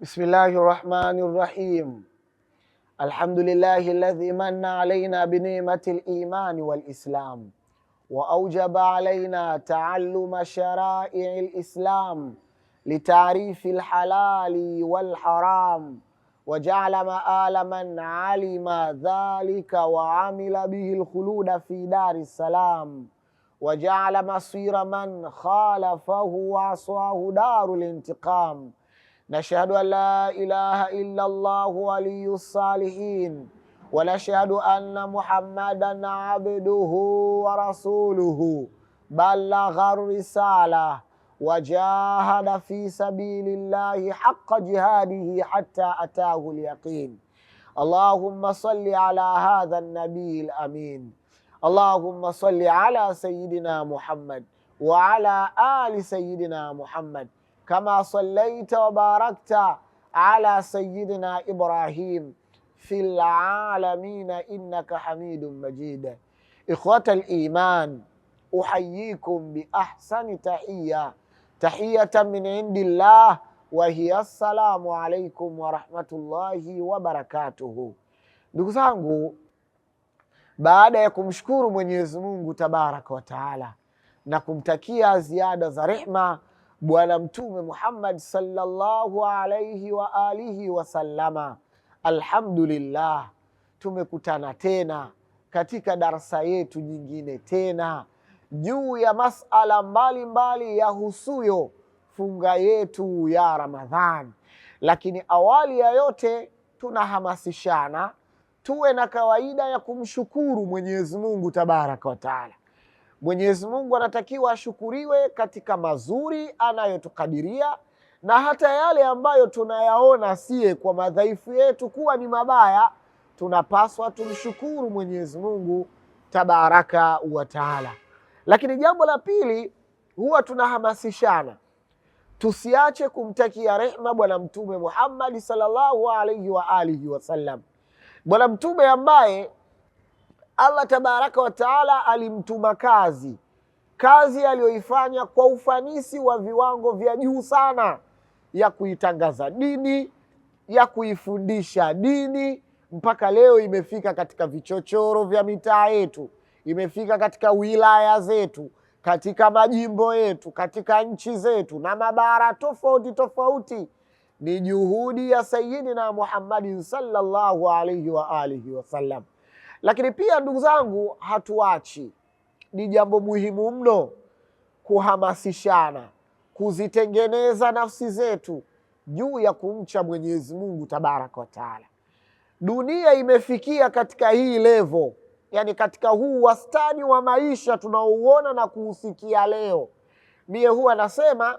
بسم الله الرحمن الرحيم الحمد لله الذي من علينا بنعمة الإيمان والإسلام وأوجب علينا تعلم شرائع الإسلام لتعريف الحلال والحرام وجعل مآل من علم ذلك وعمل به الخلود في دار السلام وجعل مصير من خالفه وعصاه دار الانتقام نشهد أن لا إله إلا الله ولي الصالحين ونشهد أن محمدا عبده ورسوله بلغ الرسالة وجاهد في سبيل الله حق جهاده حتى أتاه اليقين اللهم صل على هذا النبي الأمين اللهم صل على سيدنا محمد وعلى آل سيدنا محمد kama sallaita wa barakta ala sayyidina Ibrahim fil alamina innaka hamidun majid. Ikhwata liman uhayikum biahsani tahiya tahiyatan min indillah wahiya assalamu alaikum warahmatullahi wabarakatuhu. Ndugu zangu, baada ya kumshukuru Mwenyezi Mungu tabaraka wa taala na kumtakia ziada za rehma Bwana Mtume Muhammad sallallahu alaihi wa alihi wasallama. Alhamdulillah, tumekutana tena katika darsa yetu nyingine tena juu ya masala mbalimbali yahusuyo funga yetu ya Ramadhani. Lakini awali ya yote, tunahamasishana tuwe na kawaida ya kumshukuru Mwenyezi Mungu tabaraka wa taala Mwenyezi Mungu anatakiwa ashukuriwe katika mazuri anayotukadiria na hata yale ambayo tunayaona sie kwa madhaifu yetu kuwa ni mabaya, tunapaswa tumshukuru Mwenyezi Mungu tabaraka wa taala. Lakini jambo la pili, huwa tunahamasishana tusiache kumtakia rehma Bwana Mtume Muhammadi sallallahu alaihi wa alihi wasallam, Bwana Mtume ambaye Allah tabaraka wataala alimtuma kazi, kazi aliyoifanya kwa ufanisi wa viwango vya juu sana, ya kuitangaza dini, ya kuifundisha dini mpaka leo imefika katika vichochoro vya mitaa yetu, imefika katika wilaya zetu, katika majimbo yetu, katika nchi zetu na mabara tofauti tofauti. Ni juhudi ya Sayyidina Muhammadin sallallahu alaihi wa alihi wasallam. Lakini pia ndugu zangu, hatuachi, ni jambo muhimu mno kuhamasishana, kuzitengeneza nafsi zetu juu ya kumcha Mwenyezi Mungu tabaraka taala Dunia imefikia katika hii levo, yani katika huu wastani wa maisha tunaouona na kuusikia leo. Mie huwa nasema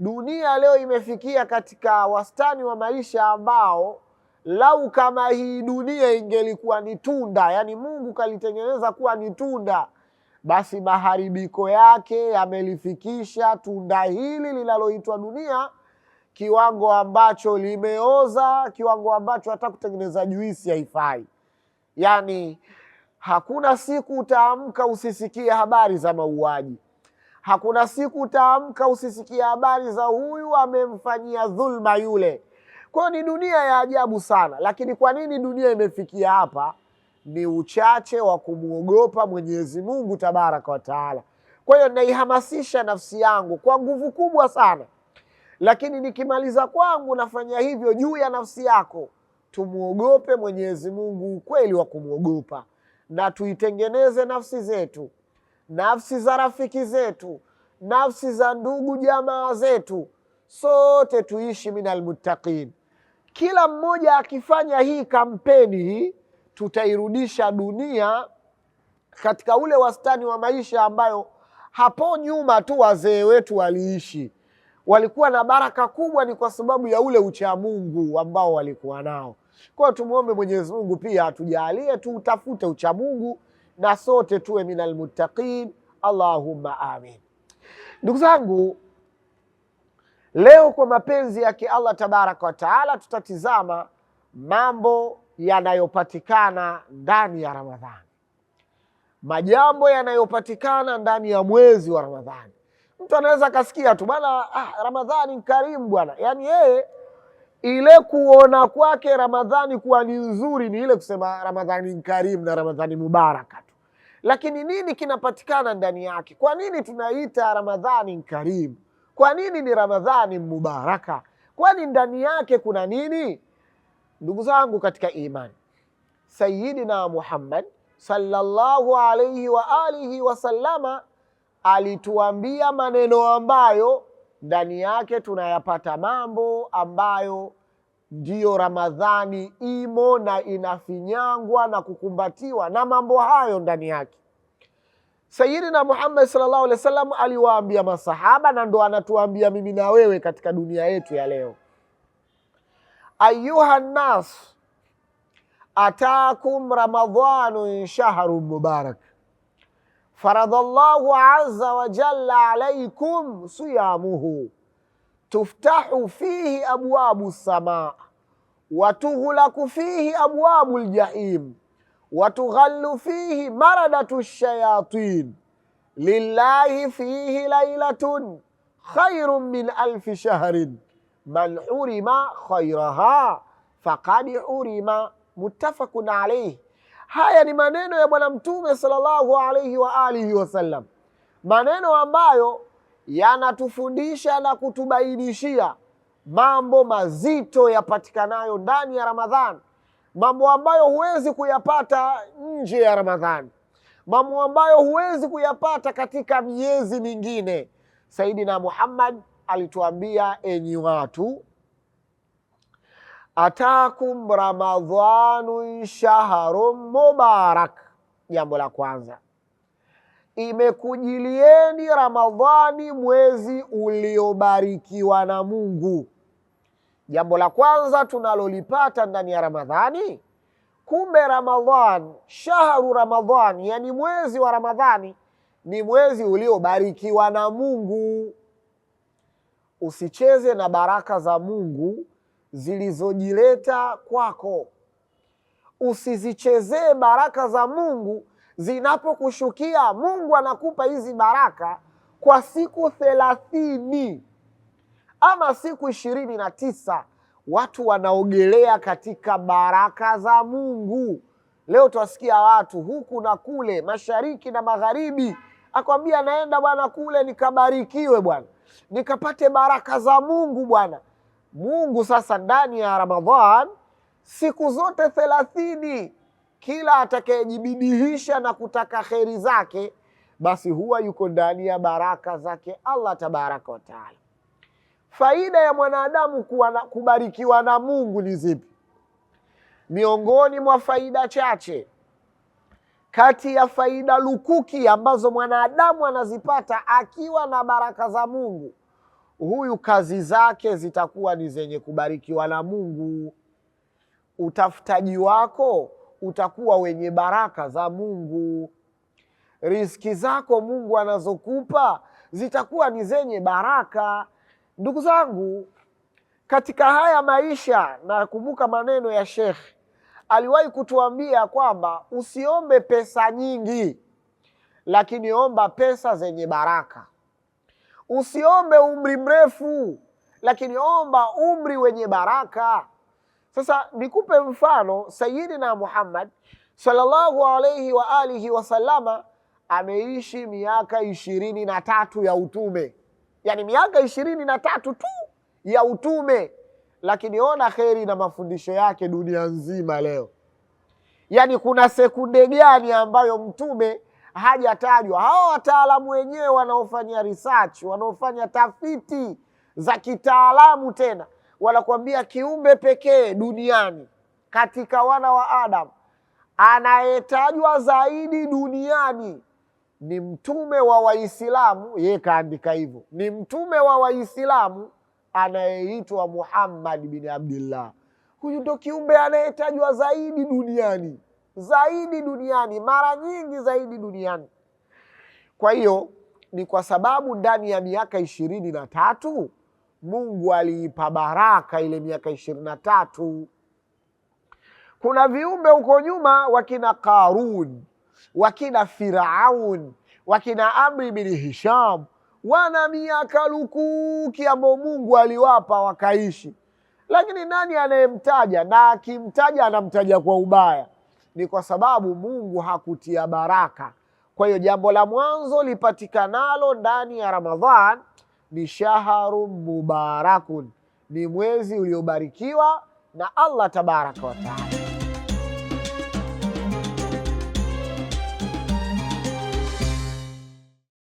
dunia leo imefikia katika wastani wa maisha ambao lau kama hii dunia ingelikuwa ni tunda, yani Mungu kalitengeneza kuwa ni tunda, basi maharibiko yake yamelifikisha tunda hili linaloitwa dunia kiwango ambacho limeoza, kiwango ambacho hata kutengeneza juisi haifai. Yani hakuna siku utaamka usisikie habari za mauaji, hakuna siku utaamka usisikie habari za huyu amemfanyia dhulma yule kwa hiyo ni dunia ya ajabu sana, lakini kwa nini dunia imefikia hapa? Ni uchache wa kumwogopa Mwenyezi Mungu tabaraka taala. Kwa hiyo naihamasisha nafsi yangu kwa nguvu kubwa sana, lakini nikimaliza kwangu nafanya hivyo juu ya nafsi yako. Tumwogope Mwenyezi Mungu ukweli wa kumwogopa, na tuitengeneze nafsi zetu, nafsi za rafiki zetu, nafsi za ndugu jamaa zetu, sote tuishi minalmuttaqin. Kila mmoja akifanya hii kampeni hii, tutairudisha dunia katika ule wastani wa maisha ambayo hapo nyuma tu wazee wetu waliishi. Walikuwa na baraka kubwa, ni kwa sababu ya ule uchamungu ambao walikuwa nao. Kwa hiyo tumwombe Mwenyezi Mungu pia atujalie tuutafute uchamungu na sote tuwe minal muttaqin. Allahumma amin. Ndugu zangu Leo kwa mapenzi yake Allah tabaraka wa taala, tutatizama mambo yanayopatikana ndani ya Ramadhani, majambo yanayopatikana ndani ya mwezi wa Ramadhani. Mtu anaweza akasikia tu bwana, ah, Ramadhani karimu bwana, yaani yeye ile kuona kwake Ramadhani kuwa ni nzuri ni ile kusema Ramadhani karimu na Ramadhani mubaraka tu, lakini nini kinapatikana ndani yake? Kwa nini tunaita Ramadhani karimu? Kwa nini ni Ramadhani mubaraka? Kwani ndani yake kuna nini? Ndugu zangu katika imani, sayidina Muhammad sallallahu alaihi wa alihi wasallama alituambia maneno ambayo ndani yake tunayapata mambo ambayo ndiyo Ramadhani imo na inafinyangwa na kukumbatiwa na mambo hayo ndani yake. Sayidina Muhammad sallallahu alaihi wasallam aliwaambia masahaba, na ndo anatuambia mimi na wewe katika dunia yetu ya leo, ayuha nnas atakum ramadhanu shahru mubarak faradha llahu azza wa jalla alaikum siyamuhu tuftahu fihi abwabu lsamaa wa tughlaku fihi abwabu ljahim watughallu fihi maradatu shayatin lillahi fihi lailatun khairun min alfi shahrin man hurima khairaha faqad hurima, muttafaqun alayhi. Haya ni maneno ya Bwana Mtume sallallahu alayhi wa alihi wasallam, maneno ambayo yanatufundisha na kutubainishia mambo mazito yapatikanayo ndani ya Ramadhani mambo ambayo huwezi kuyapata nje ya Ramadhani, mambo ambayo huwezi kuyapata katika miezi mingine. Saidina Muhammad alituambia, enyi watu, atakum ramadhanun shahrun mubarak. Jambo la kwanza, imekujilieni Ramadhani, mwezi uliobarikiwa na Mungu. Jambo la kwanza tunalolipata ndani ya Ramadhani, kumbe Ramadhan, shahru Ramadhan, yani mwezi wa Ramadhani ni mwezi uliobarikiwa na Mungu. Usicheze na baraka za Mungu zilizojileta kwako, usizichezee baraka za Mungu zinapokushukia. Mungu anakupa hizi baraka kwa siku thelathini ama siku ishirini na tisa watu wanaogelea katika baraka za Mungu. Leo twasikia watu huku na kule, mashariki na magharibi, akwambia naenda bwana kule nikabarikiwe bwana, nikapate baraka za Mungu bwana. Mungu sasa ndani ya Ramadhan siku zote thelathini, kila atakayejibidihisha na kutaka kheri zake, basi huwa yuko ndani ya baraka zake Allah tabaraka wataala. Faida ya mwanadamu kuwa na, kubarikiwa na Mungu ni zipi? Miongoni mwa faida chache kati ya faida lukuki ambazo mwanadamu anazipata akiwa na baraka za Mungu, huyu kazi zake zitakuwa ni zenye kubarikiwa na Mungu. Utafutaji wako utakuwa wenye baraka za Mungu. Riziki zako Mungu anazokupa zitakuwa ni zenye baraka. Ndugu zangu, katika haya maisha, nakumbuka maneno ya Sheikh aliwahi kutuambia kwamba usiombe pesa nyingi, lakini omba pesa zenye baraka. Usiombe umri mrefu, lakini omba umri wenye baraka. Sasa nikupe mfano, Sayyidina Muhammad sallallahu alayhi wa alihi wasallama ameishi miaka ishirini na tatu ya utume yani miaka ishirini na tatu tu ya utume, lakini ona kheri na mafundisho yake dunia nzima leo. Yani kuna sekunde gani ambayo mtume hajatajwa? Hawa wataalamu wenyewe wanaofanya research, wanaofanya tafiti za kitaalamu, tena wanakuambia kiumbe pekee duniani katika wana wa adam anayetajwa zaidi duniani ni mtume wa Waislamu, yeye kaandika hivyo, ni mtume wa Waislamu anayeitwa Muhammad bin Abdillah. Huyu ndo kiumbe anayetajwa zaidi duniani, zaidi duniani, mara nyingi zaidi duniani. Kwa hiyo ni kwa sababu ndani ya miaka ishirini na tatu Mungu aliipa baraka ile miaka ishirini na tatu. Kuna viumbe huko nyuma wakina Karun wakina Firaun, wakina Amri bin Hisham wana miaka lukuki ambao Mungu aliwapa wakaishi, lakini nani anayemtaja? Na akimtaja anamtaja kwa ubaya. Ni kwa sababu Mungu hakutia baraka. Kwa hiyo jambo la mwanzo lipatikanalo ndani ya Ramadhan ni shaharu mubarakun, ni mwezi uliobarikiwa na Allah tabaraka wataala.